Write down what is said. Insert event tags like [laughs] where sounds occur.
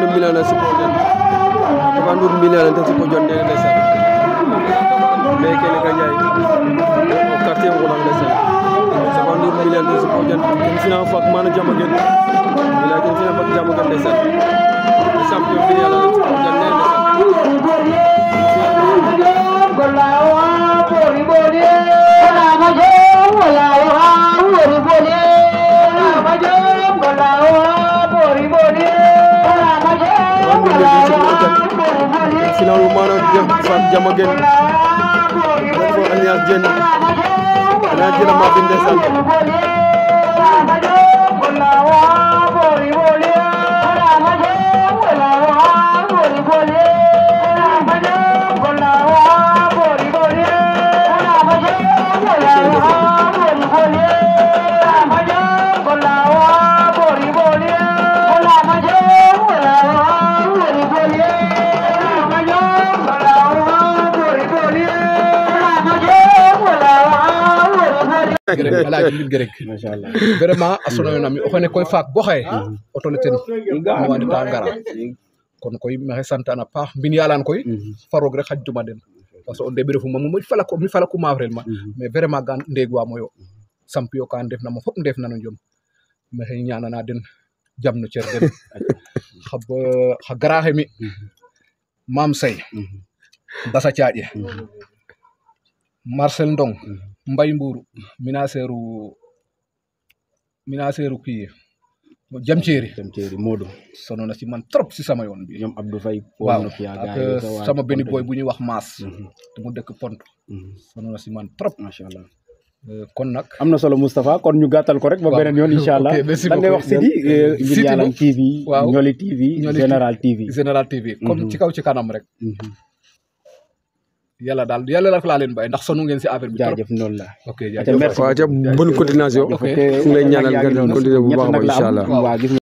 ɓandu milana sipoɗen to ɓanduɗo milana tan sipo jondede ndeysan mais kene ka jaay o quartier ngulan ndeysan so ɓanduɗo milan tan sipo jon ken sina fak mana jamagen mila ken sina fak jamagen ndeysan champion mbiyalan finalu maana fat jama gen den fo Alias Diène ana jëna ma gërëm [laughs] El Hadj Ndiou Gërëg. macha a vraiment astronomie nami o xene koy faak bo xaye hmm. o tole ten mois de temps ngara kon koy maxey sante'an a paax mbin yalan koy hmm. fa roog rek xaƴ tuma den parce que o ndeɓi refuma mi mi falaku maafrel ma hmm. mais vraiment ga ndeegwaam oyo sampiyo ka ndefna ma fop ndefna no njom maxey ñaanana den jam no cer [laughs] xa gara xe mi Mame Seye Mbasa Thiaɗe Marcel Ndong Mbaye Mbour minaseeru minaseeru kii jam ceeri jam ceeri Modou sono na si man trop si sama yoon bi ñoom Abdou Faye waaw ah, ak euh, sama benn boy bu ñuy wax maas mhm. te mu dëkk pont mhm. sono na si man trop macha allah euh, kon nag am na solo Moustapha kon ñu gàttal ko rek ba beneen yoon incha [laughs] allah lan ngay wax Sidi Mbir Yalane TV Ndioli TV Général TV Général TV comme ci kaw ci kanam rek mhm. yàlla daal yàlla la fa laa leen bàyyi ndax sonu si affaire bi. jaajëf noonu continuation. ok fu nga continuer bu a